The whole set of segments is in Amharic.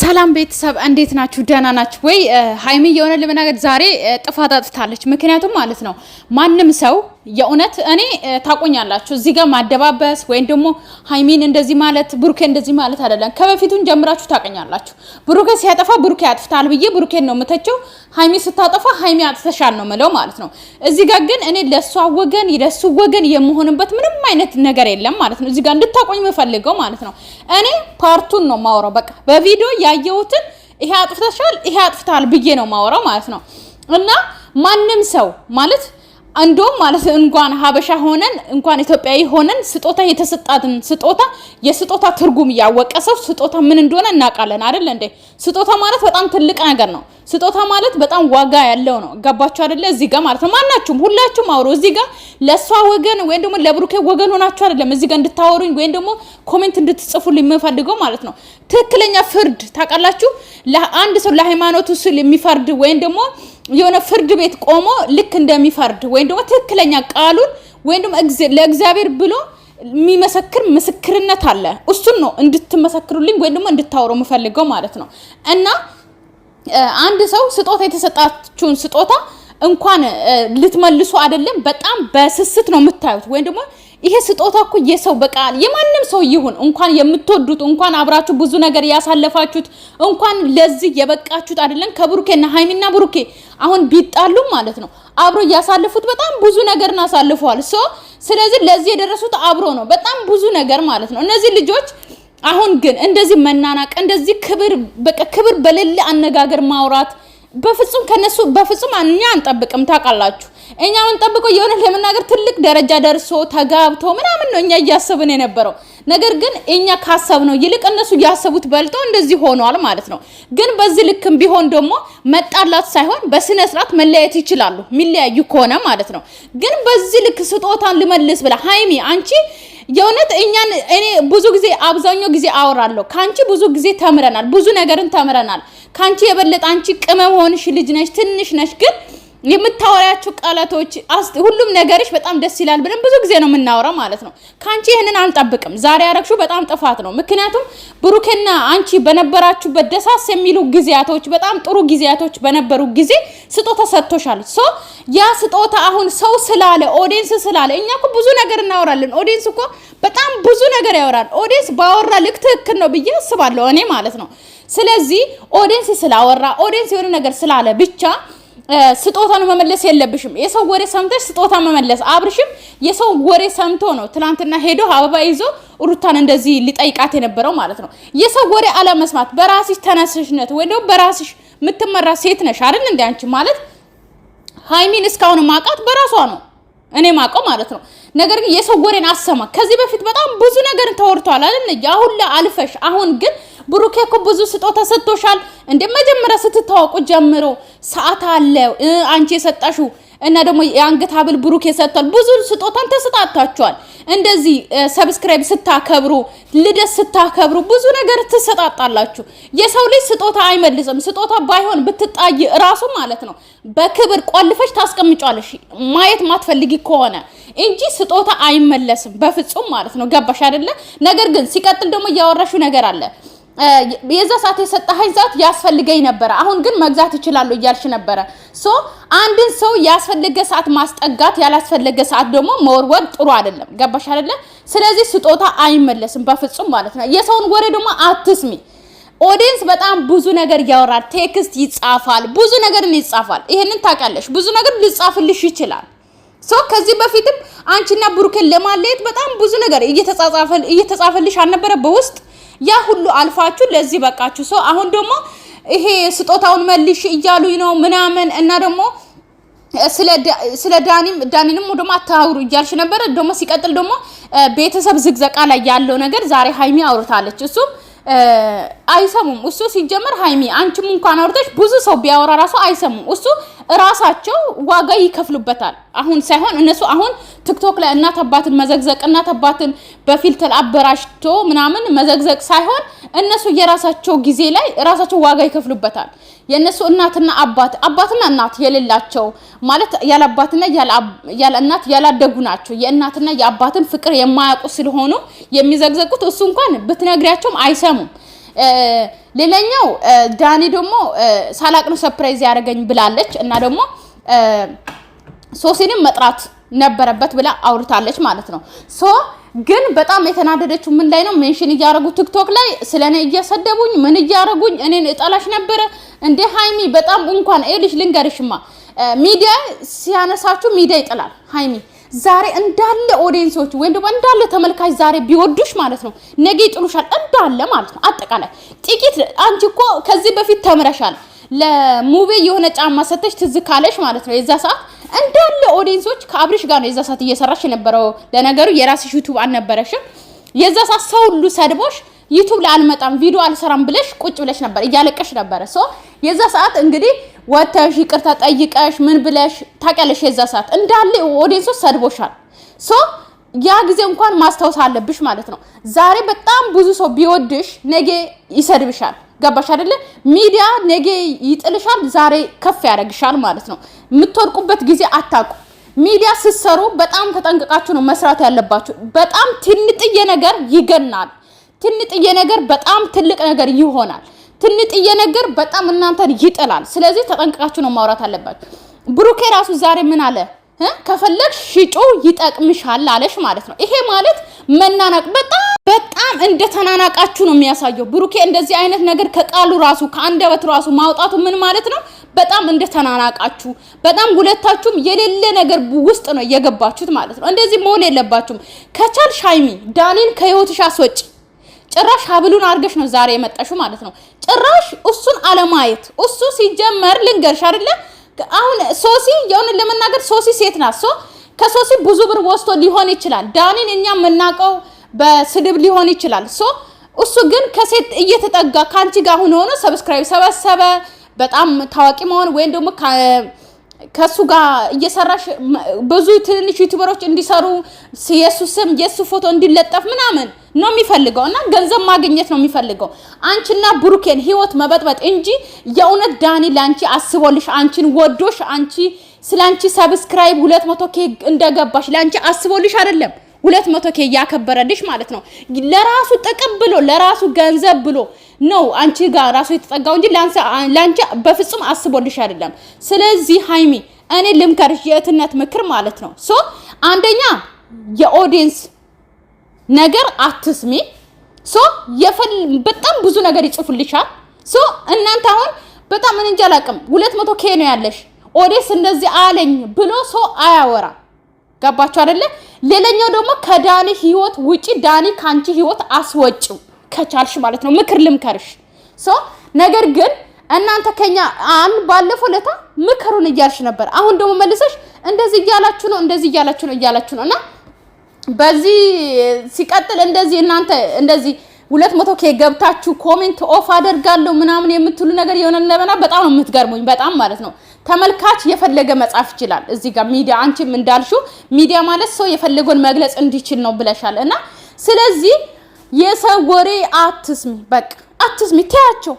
ሰላም ቤተሰብ እንዴት ናችሁ? ደህና ናችሁ ወይ? ሀይሚ የሆነ ለመናገር ዛሬ ጥፋት አጥፍታለች። ምክንያቱም ማለት ነው ማንም ሰው የእውነት እኔ ታቆኛላችሁ እዚህ ጋር ማደባበስ ወይም ደግሞ ሀይሚን እንደዚህ ማለት ብሩኬ እንደዚህ ማለት አይደለም። ከበፊቱን ጀምራችሁ ታቆኛላችሁ። ብሩኬ ሲያጠፋ ብሩኬ አጥፍታል ብዬ ብሩኬን ነው የምተቸው። ሀይሚ ስታጠፋ ሀይሚ አጥፍተሻል ነው ምለው ማለት ነው። እዚህ ጋር ግን እኔ ለእሷ ወገን ለሱ ወገን የምሆንበት ምንም አይነት ነገር የለም ማለት ነው። እዚህ ጋር እንድታቆኝ የምፈልገው ማለት ነው እኔ ፓርቱን ነው ማውራው በቃ በቪዲዮ ያየሁትን ይሄ አጥፍተሻል፣ ይሄ አጥፍተሃል ብዬ ነው ማወራው ማለት ነው። እና ማንም ሰው ማለት እንዶም ማለት እንኳን ሀበሻ ሆነን እንኳን ኢትዮጵያዊ ሆነን ስጦታ የተሰጣትን ስጦታ የስጦታ ትርጉም እያወቀ ሰው ስጦታ ምን እንደሆነ እናውቃለን አይደል እንዴ? ስጦታ ማለት በጣም ትልቅ ነገር ነው። ስጦታ ማለት በጣም ዋጋ ያለው ነው። ገባችሁ አይደለ? እዚህ ጋር ማለት ነው። ማናችሁም ሁላችሁም አውሩ። እዚህ ጋር ለእሷ ወገን ወይም ደግሞ ለብሩኬ ወገን ሆናችሁ አይደለም እዚህ ጋር እንድታወሩኝ ወይም ደግሞ ኮሜንት እንድትጽፉልኝ የምፈልገው ማለት ነው። ትክክለኛ ፍርድ ታውቃላችሁ። ለአንድ ሰው ለሃይማኖቱ ስል የሚፈርድ ወይም ደግሞ የሆነ ፍርድ ቤት ቆሞ ልክ እንደሚፈርድ ወይም ደግሞ ትክክለኛ ቃሉን ወይም ደግሞ ለእግዚአብሔር ብሎ የሚመሰክር ምስክርነት አለ። እሱን ነው እንድትመሰክሩልኝ ወይም ደግሞ እንድታወሩ የምፈልገው ማለት ነው እና አንድ ሰው ስጦታ የተሰጣችሁን ስጦታ እንኳን ልትመልሱ አይደለም፣ በጣም በስስት ነው የምታዩት። ወይም ደግሞ ይሄ ስጦታ እኮ የሰው በቃ የማንም ሰው ይሁን እንኳን የምትወዱት እንኳን አብራችሁ ብዙ ነገር ያሳለፋችሁት እንኳን ለዚህ የበቃችሁት አይደለም። ከብሩኬና ሀይሚና ብሩኬ አሁን ቢጣሉም ማለት ነው አብሮ ያሳለፉት በጣም ብዙ ነገርን አሳልፈዋል። ሶ ስለዚህ ለዚህ የደረሱት አብሮ ነው፣ በጣም ብዙ ነገር ማለት ነው እነዚህ ልጆች አሁን ግን እንደዚህ መናናቅ፣ እንደዚህ ክብር በቃ ክብር በሌለ አነጋገር ማውራት በፍጹም ከነሱ በፍጹም እኛ አንጠብቅም። ታውቃላችሁ እኛ የምንጠብቀው የሆነ ለመናገር ትልቅ ደረጃ ደርሶ ተጋብቶ ምናምን ነው እኛ እያሰብን የነበረው ነገር ግን እኛ ነው ይልቅ እነሱ ያሰቡት በልጦ እንደዚህ ሆኗል ማለት ነው። ግን በዚህ ልክም ቢሆን ደግሞ መጣላት ሳይሆን በስነ ስርዓት መለያየት ይችላሉ፣ የሚለያዩ ከሆነ ማለት ነው። ግን በዚህ ልክ ስጦታን ልመልስ ብላ ሀይሚ አንቺ የእውነት እኛን እኔ ብዙ ጊዜ አብዛኛው ጊዜ አወራለሁ። ከአንቺ ብዙ ጊዜ ተምረናል፣ ብዙ ነገርን ተምረናል። ከአንቺ የበለጠ አንቺ ቅመም ሆንሽ ልጅ ነሽ፣ ትንሽ ነሽ ግን የምታወሪያቸው ቃላቶች ሁሉም ነገርሽ በጣም ደስ ይላል ብለን ብዙ ጊዜ ነው የምናወራው ማለት ነው። ከአንቺ ይህንን አንጠብቅም ዛሬ ያረግሽው በጣም ጥፋት ነው። ምክንያቱም ብሩክና አንቺ በነበራችሁበት ደሳስ የሚሉ ጊዜያቶች፣ በጣም ጥሩ ጊዜያቶች በነበሩ ጊዜ ስጦታ ሰጥቶሻል። ሶ ያ ስጦታ አሁን ሰው ስላለ ኦዲንስ ስላለ እኛ እኮ ብዙ ነገር እናወራለን። ኦዲንስ እኮ በጣም ብዙ ነገር ያወራል። ኦዲንስ ባወራ ልክ ትክክል ነው ብዬ አስባለሁ እኔ ማለት ነው። ስለዚህ ኦዲንስ ስላወራ ኦዲንስ የሆነ ነገር ስላለ ብቻ ስጦታ ነው መመለስ የለብሽም። የሰው ወሬ ሰምተሽ ስጦታ መመለስ አብርሽም የሰው ወሬ ሰምቶ ነው ትናንትና ሄዶ አበባ ይዞ ሩታን እንደዚህ ሊጠይቃት የነበረው ማለት ነው። የሰው ወሬ አለመስማት በራስሽ ተነሳሽነት ወይ ደግሞ በራስሽ የምትመራ ሴት ነሽ አይደል? እንደ አንቺ ማለት ሃይሚን እስካሁን ማውቃት በራሷ ነው እኔ ማውቀው ማለት ነው። ነገር ግን የሰው ወሬን አሰማ። ከዚህ በፊት በጣም ብዙ ነገር ተወርቷል አይደል? አሁን አልፈሽ አሁን ግን ብሩኬ እኮ ብዙ ስጦታ ሰጥቶሻል እንዴ መጀመሪያ ስትታወቁ ጀምሮ ሰዓት አለ አንቺ የሰጠሽው እና ደግሞ የአንገት ሀብል ብሩኬ ሰጥቷል። ብዙ ስጦታን ተሰጣጣችኋል። እንደዚህ ሰብስክራይብ ስታከብሩ፣ ልደት ስታከብሩ ብዙ ነገር ትሰጣጣላችሁ። የሰው ልጅ ስጦታ አይመልስም። ስጦታ ባይሆን ብትጣይ እራሱ ማለት ነው በክብር ቆልፈሽ ታስቀምጫለሽ ማየት ማትፈልጊ ከሆነ እንጂ ስጦታ አይመለስም በፍጹም ማለት ነው። ገባሽ አይደለ? ነገር ግን ሲቀጥል ደግሞ እያወራሹ ነገር አለ የዛ ሰዓት የሰጠኸኝ ሰዓት ያስፈልገኝ ነበረ። አሁን ግን መግዛት እችላለሁ እያልሽ ነበረ። ሶ አንድን ሰው ያስፈለገ ሰዓት ማስጠጋት፣ ያላስፈለገ ሰዓት ደግሞ መወርወር ጥሩ አይደለም። ገባሽ አይደለ? ስለዚህ ስጦታ አይመለስም በፍጹም ማለት ነው። የሰውን ወሬ ደግሞ አትስሚ። ኦዲየንስ በጣም ብዙ ነገር ያወራል። ቴክስት ይጻፋል፣ ብዙ ነገርን ይጻፋል። ይሄንን ታውቂያለሽ። ብዙ ነገር ሊጻፍልሽ ይችላል። ሶ ከዚህ በፊትም አንቺና ብሩክን ለማለየት በጣም ብዙ ነገር እየተጻፈልሽ አልነበረ በውስጥ ያ ሁሉ አልፋችሁ ለዚህ በቃችሁ። ሰው አሁን ደግሞ ይሄ ስጦታውን መልሽ እያሉኝ ነው ምናምን እና ደግሞ ስለ ዳኒም ዳኒንም ደግሞ አታውሩ እያልሽ ነበረ። ደግሞ ሲቀጥል ደግሞ ቤተሰብ ዝግዘቃ ላይ ያለው ነገር ዛሬ ሀይሚ አውርታለች እሱም አይሰሙም። እሱ ሲጀመር ሀይሚ አንቺም እንኳን አውርተሽ ብዙ ሰው ቢያወራ ራሱ አይሰሙም። እሱ እራሳቸው ዋጋ ይከፍሉበታል። አሁን ሳይሆን እነሱ አሁን ቲክቶክ ላይ እናት አባትን መዘግዘቅ እናት አባትን በፊልተር አበራሽቶ ምናምን መዘግዘቅ ሳይሆን እነሱ የራሳቸው ጊዜ ላይ ራሳቸው ዋጋ ይከፍሉበታል። የእነሱ እናትና አባት አባትና እናት የሌላቸው ማለት ያለ አባትና ያለ እናት ያላደጉ ናቸው። የእናትና የአባትን ፍቅር የማያውቁ ስለሆኑ የሚዘግዘቁት እሱ እንኳን ብትነግሪያቸውም አይሰሙም። ሌላኛው ዳኒ ደግሞ ሳላቅ ነው ሰፕራይዝ ያደረገኝ ብላለች እና ደግሞ ሶሲንም መጥራት ነበረበት ብላ አውርታለች ማለት ነው ሶ ግን በጣም የተናደደችው ምን ላይ ነው? ሜንሽን እያደረጉ ቲክቶክ ላይ ስለ እኔ እየሰደቡኝ ምን እያደረጉኝ እኔን እጠላሽ ነበረ እንዴ ሀይሚ። በጣም እንኳን ይኸውልሽ ልንገርሽማ፣ ሚዲያ ሲያነሳችሁ ሚዲያ ይጥላል። ሀይሚ ዛሬ እንዳለ ኦዲየንሶች ወይም ደግሞ እንዳለ ተመልካች ዛሬ ቢወዱሽ ማለት ነው ነገ ይጥሉሻል፣ እንዳለ ማለት ነው። አጠቃላይ ጥቂት አንቺ እኮ ከዚህ በፊት ተምረሻል። ለሙቤ የሆነ ጫማ ሰተሽ ትዝ ካለሽ ማለት ነው የዛ ሰዓት እንዳለ ኦዲየንሶች ከአብርሽ ጋር ነው የዛ ሰዓት እየሰራሽ የነበረው። ለነገሩ የራስሽ ዩቱብ አልነበረሽም። የዛ ሰዓት ሰው ሁሉ ሰድቦሽ ዩቱብ ላይ አልመጣም ቪዲዮ አልሰራም ብለሽ ቁጭ ብለሽ ነበር፣ እያለቀሽ ነበረ። ሶ የዛ ሰዓት እንግዲህ ወተሽ ይቅርታ ጠይቀሽ ምን ብለሽ ታውቂያለሽ? የዛ ሰዓት እንዳለ ኦዲየንሶች ሰድቦሻል። ሶ ያ ጊዜ እንኳን ማስታወስ አለብሽ ማለት ነው። ዛሬ በጣም ብዙ ሰው ቢወድሽ ነገ ይሰድብሻል። ገባሽ አይደለ? ሚዲያ ነገ ይጥልሻል፣ ዛሬ ከፍ ያደርግሻል ማለት ነው። የምትወድቁበት ጊዜ አታውቁ። ሚዲያ ስትሰሩ በጣም ተጠንቅቃችሁ ነው መስራት ያለባችሁ። በጣም ትንጥዬ ነገር ይገናል። ትንጥዬ ነገር በጣም ትልቅ ነገር ይሆናል። ትንጥዬ ነገር በጣም እናንተን ይጥላል። ስለዚህ ተጠንቅቃችሁ ነው ማውራት አለባችሁ። ብሩኬ ራሱ ዛሬ ምን አለ? ከፈለግ ሽጮ ይጠቅምሻል አለሽ ማለት ነው። ይሄ ማለት መናናቅ በጣም በጣም እንደተናናቃችሁ ነው የሚያሳየው። ብሩኬ እንደዚህ አይነት ነገር ከቃሉ ራሱ ከአንደበት ራሱ ማውጣቱ ምን ማለት ነው? በጣም እንደተናናቃችሁ በጣም ሁለታችሁም የሌለ ነገር ውስጥ ነው የገባችሁት ማለት ነው። እንደዚህ መሆን የለባችሁም። ከቻል ሻይሚ ዳኒን ከህይወትሽ አስወጪ። ጭራሽ ሀብሉን አድርገሽ ነው ዛሬ የመጣሽው ማለት ነው። ጭራሽ እሱን አለማየት እሱ ሲጀመር ልንገርሽ አይደለ አሁን ሶሲ የሆንን ለመናገር ሶሲ ሴት ናት። ሶ ከሶሲ ብዙ ብር ወስቶ ሊሆን ይችላል። ዳኒን እኛ የምናውቀው በስድብ ሊሆን ይችላል። ሶ እሱ ግን ከሴት እየተጠጋ ከአንቺ ጋር አሁን ሆኖ ሰብስክራይብ ሰበሰበ። በጣም ታዋቂ መሆን ወይም ደግሞ ከሱ ጋር እየሰራሽ ብዙ ትንንሽ ዩቱበሮች እንዲሰሩ የሱ ስም የሱ ፎቶ እንዲለጠፍ ምናምን ነው የሚፈልገው እና ገንዘብ ማግኘት ነው የሚፈልገው። አንቺና ብሩኬን ህይወት መበጥበጥ እንጂ የእውነት ዳኒ ለአንቺ አስቦልሽ አንቺን ወዶሽ አንቺ ስለ አንቺ ሰብስክራይብ ሁለት መቶ ኬ እንደገባሽ ለአንቺ አስቦልሽ አይደለም ሁለት መቶ ኬ እያከበረልሽ ማለት ነው። ለራሱ ጥቅም ብሎ ለራሱ ገንዘብ ብሎ ነው አንቺ ጋር ራሱ የተጠጋው እንጂ ለአንቺ በፍጹም አስቦልሽ አይደለም። ስለዚህ ሀይሚ እኔ ልምከርሽ የእህትነት ምክር ማለት ነው። ሶ አንደኛ የኦዲየንስ ነገር አትስሚ። ሶ በጣም ብዙ ነገር ይጽፉልሻል። ሶ እናንተ አሁን በጣም እኔ እንጃ አላውቅም። ሁለት መቶ ኬ ነው ያለሽ። ኦዲየንስ እንደዚህ አለኝ ብሎ ሶ አያወራ ገባችሁ አይደለ? ሌላኛው ደግሞ ከዳኒ ህይወት ውጪ ዳኒ ካንቺ ህይወት አስወጪው። ከቻልሽ ማለት ነው ምክር ልምከርሽ። ሶ ነገር ግን እናንተ ከኛ አን ባለፈው ለታ ምክሩን እያልሽ ነበር። አሁን ደግሞ መልሰሽ እንደዚህ እያላችሁ ነው እንደዚህ እያላችሁ ነው እያላችሁ ነው እና በዚህ ሲቀጥል እንደዚህ እናንተ እንደዚህ ሁለት መቶ ኬ ገብታችሁ ኮሜንት ኦፍ አደርጋለሁ ምናምን የምትሉ ነገር የሆነ ለመና በጣም ነው የምትገርሙኝ። በጣም ማለት ነው ተመልካች የፈለገ መጻፍ ይችላል። እዚህ ጋር ሚዲያ አንቺም እንዳልሽው ሚዲያ ማለት ሰው የፈለገውን መግለጽ እንዲችል ነው ብለሻል እና ስለዚህ የሰው ወሬ አትስሚ፣ በቃ አትስሚ፣ ተያቸው።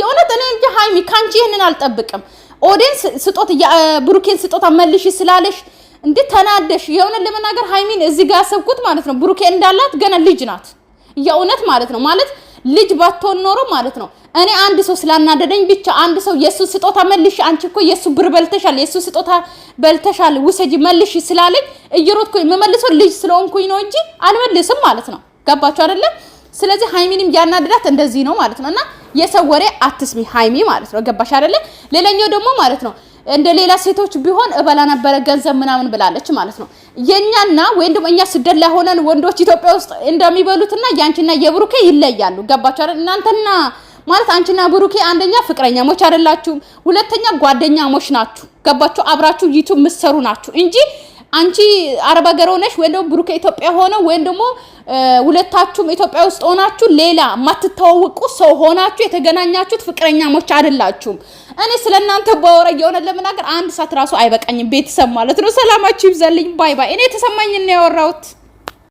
የእውነት እኔ እንጂ ሀይሚ ከአንቺ ይህንን አልጠብቅም። ኦዴን ስጦት ብሩኬን ስጦታ መልሽ ስላለሽ እንዴ ተናደሽ። የእውነት ለመናገር ሀይሚን እዚህ ጋር ያሰብኩት ማለት ነው ብሩኬ እንዳላት ገና ልጅ ናት፣ የእውነት ማለት ነው ማለት ልጅ ባትሆን ኖሮ ማለት ነው። እኔ አንድ ሰው ስላናደደኝ ብቻ አንድ ሰው የሱ ስጦታ መልሽ፣ አንቺ እኮ የሱ ብር በልተሻል፣ የሱ ስጦታ በልተሻል፣ ውሰጂ መልሽ ስላለኝ እየሮጥኩኝ የምመልሰው ልጅ ስለሆንኩኝ ነው እንጂ አልመልስም ማለት ነው። ገባችሁ አይደለም? ስለዚህ ሀይሚንም ያናድዳት እንደዚህ ነው ማለት ነው። እና የሰው ወሬ አትስሚ ሀይሚ ማለት ነው። ገባሽ አይደለ? ሌላኛው ደግሞ ማለት ነው እንደ ሌላ ሴቶች ቢሆን እበላ ነበረ ገንዘብ ምናምን ብላለች ማለት ነው። የኛና ወይም ደግሞ እኛ ስደት ላይ ሆነን ወንዶች ኢትዮጵያ ውስጥ እንደሚበሉትና ያንቺና የብሩኬ ይለያሉ። ገባችሁ አይደል? እናንተና ማለት አንቺና ብሩኬ አንደኛ ፍቅረኛሞች አይደላችሁም፣ ሁለተኛ ጓደኛሞች ናችሁ። ገባችሁ? አብራችሁ ዩቱብ ምሰሩ ናችሁ እንጂ አንቺ አረብ ሀገር ሆነሽ ወይም ደግሞ ብሩክ ኢትዮጵያ ሆነ ወይም ደግሞ ሁለታችሁም ኢትዮጵያ ውስጥ ሆናችሁ ሌላ የማትተዋወቁ ሰው ሆናችሁ የተገናኛችሁት ፍቅረኛሞች አይደላችሁም። እኔ ስለ እናንተ ባወራ የሆነ ለመናገር አንድ ሰዓት ራሱ አይበቃኝም። ቤተሰብ ማለት ነው። ሰላማችሁ ይብዛልኝ። ባይ ባይ። እኔ የተሰማኝ ነው ያወራሁት።